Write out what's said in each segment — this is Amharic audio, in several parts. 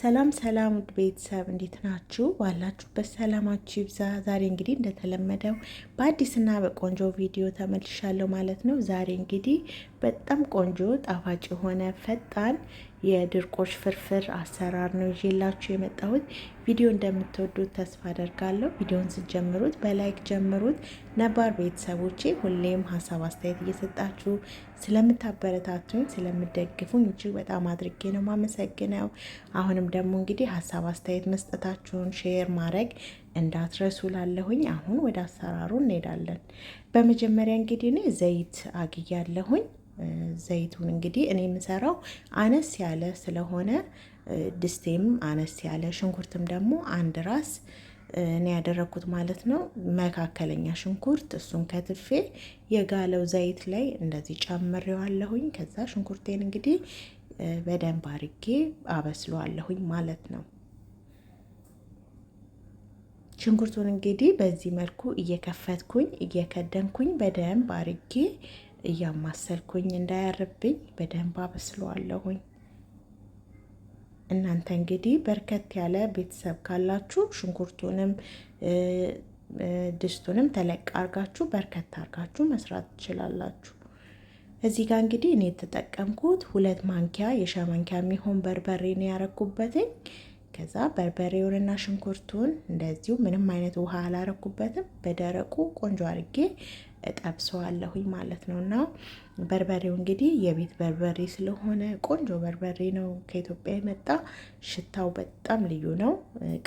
ሰላም ሰላም ውድ ቤተሰብ እንዴት ናችሁ? ባላችሁበት ሰላማችሁ ይብዛ። ዛሬ እንግዲህ እንደተለመደው በአዲስና በቆንጆ ቪዲዮ ተመልሻለሁ ማለት ነው። ዛሬ እንግዲህ በጣም ቆንጆ ጣፋጭ የሆነ ፈጣን የድርቆሽ ፍርፍር አሰራር ነው ይዤላችሁ የመጣሁት። ቪዲዮ እንደምትወዱት ተስፋ አደርጋለሁ። ቪዲዮን ስትጀምሩት በላይክ ጀምሩት። ነባር ቤተሰቦቼ ሁሌም ሀሳብ አስተያየት እየሰጣችሁ ስለምታበረታቱኝ፣ ስለምደግፉኝ እጅግ በጣም አድርጌ ነው ማመሰግነው። አሁንም ደግሞ እንግዲህ ሀሳብ አስተያየት መስጠታችሁን ሼር ማድረግ እንዳትረሱ ላለሁኝ። አሁን ወደ አሰራሩ እንሄዳለን። በመጀመሪያ እንግዲህ እኔ ዘይት አግያለሁኝ። ዘይቱን እንግዲህ እኔ የምሰራው አነስ ያለ ስለሆነ ድስቴም አነስ ያለ ሽንኩርትም ደግሞ አንድ ራስ እኔ ያደረግኩት ማለት ነው። መካከለኛ ሽንኩርት እሱን ከትፌ የጋለው ዘይት ላይ እንደዚህ ጨምሬዋለሁኝ። ከዛ ሽንኩርቴን እንግዲህ በደንብ አርጌ አበስለዋለሁኝ ማለት ነው። ሽንኩርቱን እንግዲህ በዚህ መልኩ እየከፈትኩኝ እየከደንኩኝ በደንብ አርጌ እያማሰልኩኝ እንዳያርብኝ በደንብ አበስለዋለሁኝ። እናንተ እንግዲህ በርከት ያለ ቤተሰብ ካላችሁ ሽንኩርቱንም ድስቱንም ተለቅ አርጋችሁ በርከት አርጋችሁ መስራት ትችላላችሁ። እዚህ ጋር እንግዲህ እኔ የተጠቀምኩት ሁለት ማንኪያ የሻይ ማንኪያ የሚሆን በርበሬ ነው ያረኩበትኝ። ከዛ በርበሬውንና ሽንኩርቱን እንደዚሁ ምንም አይነት ውሃ አላረኩበትም። በደረቁ ቆንጆ አድርጌ እጠብሰዋለሁኝ ማለት ነው። እና በርበሬው እንግዲህ የቤት በርበሬ ስለሆነ ቆንጆ በርበሬ ነው ከኢትዮጵያ የመጣ ሽታው በጣም ልዩ ነው።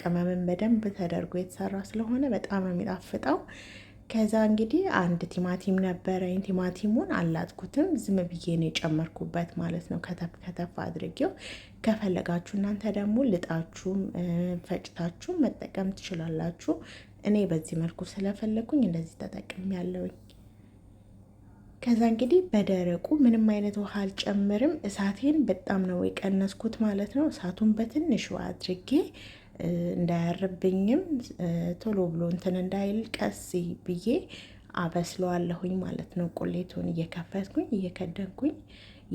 ቅመምን በደንብ ተደርጎ የተሰራ ስለሆነ በጣም ነው የሚጣፍጠው። ከዛ እንግዲህ አንድ ቲማቲም ነበረኝ። ቲማቲሙን አላጥኩትም፣ ዝም ብዬ ነው የጨመርኩበት ማለት ነው። ከተፍ ከተፍ አድርጌው ከፈለጋችሁ እናንተ ደግሞ ልጣችሁ ፈጭታችሁ መጠቀም ትችላላችሁ። እኔ በዚህ መልኩ ስለፈለግኩኝ እንደዚህ ተጠቅም ያለውኝ። ከዛ እንግዲህ በደረቁ ምንም አይነት ውሃ አልጨምርም። እሳቴን በጣም ነው የቀነስኩት ማለት ነው። እሳቱን በትንሽ አድርጌ እንዳያርብኝም ቶሎ ብሎ እንትን እንዳይል ቀስ ብዬ አበስለዋለሁኝ ማለት ነው። ቁሌቱን እየከፈትኩኝ እየከደንኩኝ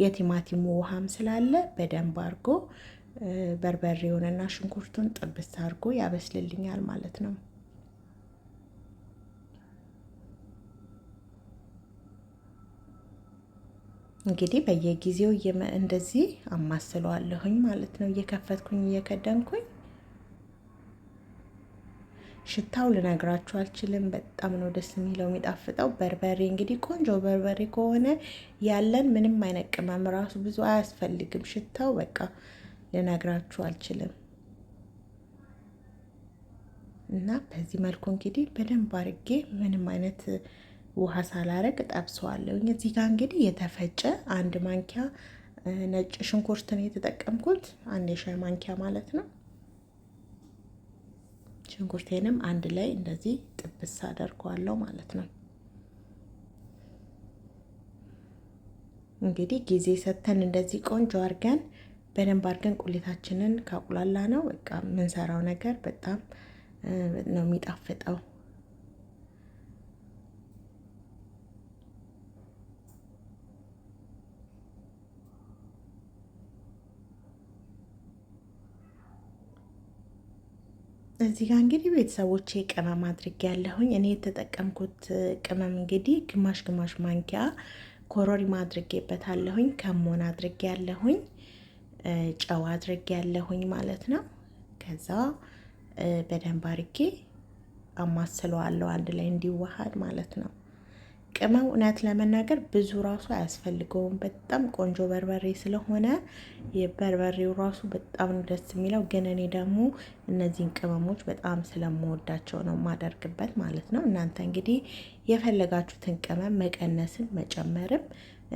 የቲማቲሙ ውሃም ስላለ በደንብ አድርጎ በርበሬውንና ሽንኩርቱን ጥብስ አድርጎ ያበስልልኛል ማለት ነው። እንግዲህ በየጊዜው እንደዚህ አማስለዋለሁኝ ማለት ነው። እየከፈትኩኝ እየከደንኩኝ ሽታው ልነግራችሁ አልችልም። በጣም ነው ደስ የሚለው የሚጣፍጠው። በርበሬ እንግዲህ ቆንጆ በርበሬ ከሆነ ያለን ምንም አይነት ቅመም ራሱ ብዙ አያስፈልግም። ሽታው በቃ ልነግራችሁ አልችልም። እና በዚህ መልኩ እንግዲህ በደንብ አርጌ ምንም አይነት ውሃ ሳላረግ ጠብሰዋለሁ። እዚህ ጋር እንግዲህ የተፈጨ አንድ ማንኪያ ነጭ ሽንኩርት ነው የተጠቀምኩት፣ አንድ የሻይ ማንኪያ ማለት ነው። ሽንኩርቴንም አንድ ላይ እንደዚህ ጥብስ አደርገዋለሁ ማለት ነው። እንግዲህ ጊዜ ሰጥተን እንደዚህ ቆንጆ አድርገን በደንብ አድርገን ቁሌታችንን ካቁላላ ነው በቃ የምንሰራው ነገር በጣም ነው የሚጣፍጠው። እዚህ ጋር እንግዲህ ቤተሰቦቼ ቅመም አድርጌ ያለሁኝ እኔ የተጠቀምኩት ቅመም እንግዲህ ግማሽ ግማሽ ማንኪያ ኮሮሪ አድርጌበት አለሁኝ። ከሞን አድርጌ ያለሁኝ፣ ጨው አድርጌ ያለሁኝ ማለት ነው። ከዛ በደንብ አድርጌ አማስለዋለሁ አንድ ላይ እንዲዋሃድ ማለት ነው። ቅመም እውነት ለመናገር ብዙ ራሱ አያስፈልገውም። በጣም ቆንጆ በርበሬ ስለሆነ የበርበሬው ራሱ በጣም ነው ደስ የሚለው። ግን እኔ ደግሞ እነዚህን ቅመሞች በጣም ስለምወዳቸው ነው ማደርግበት ማለት ነው። እናንተ እንግዲህ የፈለጋችሁትን ቅመም መቀነስን መጨመርም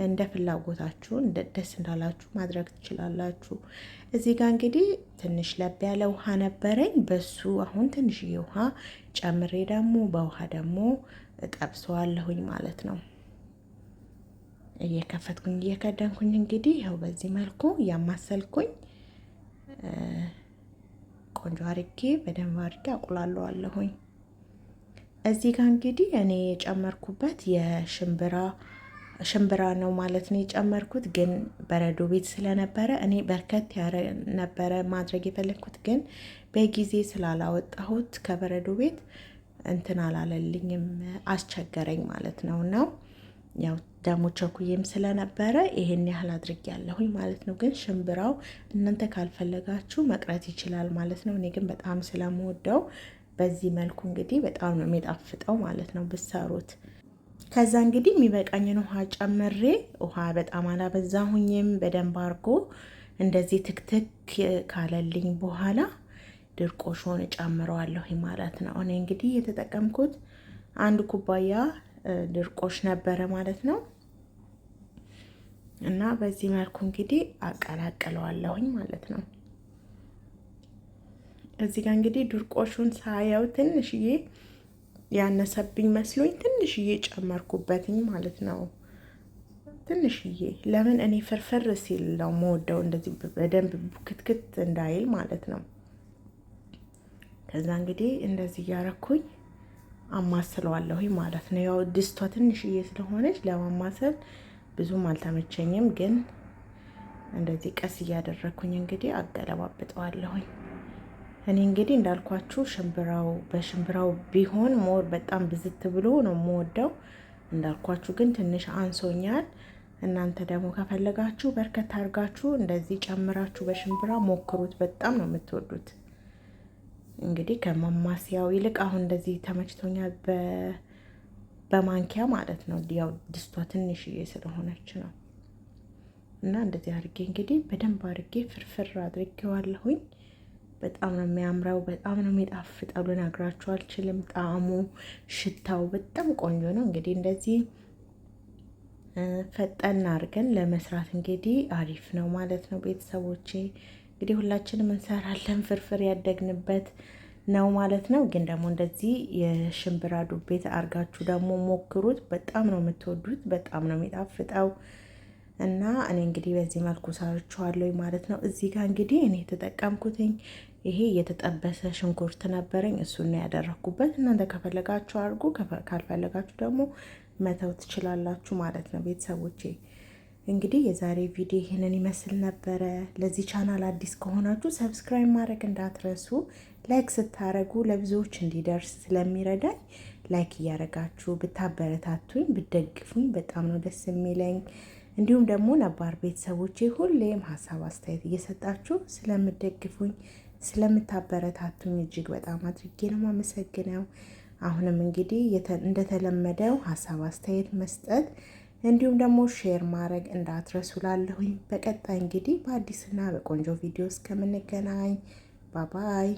እንደ ፍላጎታችሁ ደስ እንዳላችሁ ማድረግ ትችላላችሁ። እዚህ ጋር እንግዲህ ትንሽ ለብ ያለ ውሃ ነበረኝ። በሱ አሁን ትንሽዬ ውሃ ጨምሬ ደግሞ በውሃ ደግሞ ጠብሰዋለሁኝ ማለት ነው። እየከፈትኩኝ እየከደንኩኝ እንግዲህ ይኸው በዚህ መልኩ እያማሰልኩኝ ቆንጆ አርጌ በደንብ አርጌ አቁላለዋለሁኝ። እዚህ ጋር እንግዲህ እኔ የጨመርኩበት የሽምብራ ሽምብራ ነው ማለት ነው የጨመርኩት። ግን በረዶ ቤት ስለነበረ እኔ በርከት ያረ ነበረ ማድረግ የፈለግኩት ግን በጊዜ ስላላወጣሁት ከበረዶ ቤት እንትን አላለልኝም፣ አስቸገረኝ ማለት ነው ነው ያው ደግሞ ቸኩዬም ስለነበረ ይሄን ያህል ያለሁኝ ማለት ነው። ግን ሽምብራው እናንተ ካልፈለጋችሁ መቅረት ይችላል ማለት ነው። እኔ ግን በጣም ስለምወደው በዚህ መልኩ እንግዲህ በጣም ነው የሚጣፍጠው ማለት ነው ብሰሩት። ከዛ እንግዲህ የሚበቃኝን ውሃ ጨምሬ ውሃ በጣም አላበዛሁኝም። በደንብ አርጎ እንደዚህ ትክትክ ካለልኝ በኋላ ድርቆሹን እጨምረዋለሁ ማለት ነው። እኔ እንግዲህ የተጠቀምኩት አንድ ኩባያ ድርቆሽ ነበረ ማለት ነው። እና በዚህ መልኩ እንግዲህ አቀላቅለዋለሁኝ ማለት ነው። እዚህ ጋር እንግዲህ ድርቆሹን ሳያው ትንሽዬ ያነሰብኝ መስሎኝ ትንሽዬ ጨመርኩበትኝ ማለት ነው። ትንሽዬ ለምን እኔ ፍርፍር ሲል ነው መወደው እንደዚህ በደንብ ክትክት እንዳይል ማለት ነው። ከዛ እንግዲህ እንደዚህ እያረኩኝ አማስለዋለሁኝ ማለት ነው። ያው ድስቷ ትንሽዬ ስለሆነች ለማማሰል ብዙም አልተመቸኝም፣ ግን እንደዚህ ቀስ እያደረግኩኝ እንግዲህ አገለባብጠዋለሁኝ። እኔ እንግዲህ እንዳልኳችሁ ሽምብራው በሽምብራው ቢሆን ሞር በጣም ብዝት ብሎ ነው የምወደው። እንዳልኳችሁ ግን ትንሽ አንሶኛል። እናንተ ደግሞ ከፈለጋችሁ በርከት አድርጋችሁ እንደዚህ ጨምራችሁ በሽምብራ ሞክሩት። በጣም ነው የምትወዱት። እንግዲህ ከማማስያው ይልቅ አሁን እንደዚህ ተመችቶኛል፣ በማንኪያ ማለት ነው። ያው ድስቷ ትንሽዬ ስለሆነች ነው። እና እንደዚህ አድርጌ እንግዲህ በደንብ አድርጌ ፍርፍር አድርጌዋለሁኝ። በጣም ነው የሚያምረው፣ በጣም ነው የሚጣፍጠው። ልነግራችሁ አልችልም። ጣዕሙ፣ ሽታው በጣም ቆንጆ ነው። እንግዲህ እንደዚህ ፈጠን አድርገን ለመስራት እንግዲህ አሪፍ ነው ማለት ነው። ቤተሰቦቼ እንግዲህ ሁላችንም እንሰራለን። ፍርፍር ያደግንበት ነው ማለት ነው። ግን ደግሞ እንደዚህ የሽምብራ ዱቤት አርጋችሁ ደግሞ ሞክሩት። በጣም ነው የምትወዱት፣ በጣም ነው የሚጣፍጠው እና እኔ እንግዲህ በዚህ መልኩ ሰርችዋለሁ ማለት ነው። እዚህ ጋር እንግዲህ እኔ የተጠቀምኩትኝ ይሄ የተጠበሰ ሽንኩርት ነበረኝ፣ እሱን ነው ያደረኩበት። እናንተ ከፈለጋችሁ አድርጉ፣ ካልፈለጋችሁ ደግሞ መተው ትችላላችሁ ማለት ነው። ቤተሰቦቼ እንግዲህ የዛሬ ቪዲዮ ይህንን ይመስል ነበረ። ለዚህ ቻናል አዲስ ከሆናችሁ ሰብስክራይብ ማድረግ እንዳትረሱ። ላይክ ስታረጉ ለብዙዎች እንዲደርስ ስለሚረዳኝ ላይክ እያደረጋችሁ ብታበረታቱኝ ብደግፉኝ በጣም ነው ደስ የሚለኝ። እንዲሁም ደግሞ ነባር ቤተሰቦቼ ሁሌም ሀሳብ አስተያየት እየሰጣችሁ ስለምደግፉኝ ስለምታበረታቱኝ እጅግ በጣም አድርጌ ነው የማመሰግነው። አሁንም እንግዲህ እንደተለመደው ሀሳብ አስተያየት መስጠት እንዲሁም ደግሞ ሼር ማድረግ እንዳትረሱ ላለሁኝ። በቀጣይ እንግዲህ በአዲስና በቆንጆ ቪዲዮ እስከምንገናኝ ባባይ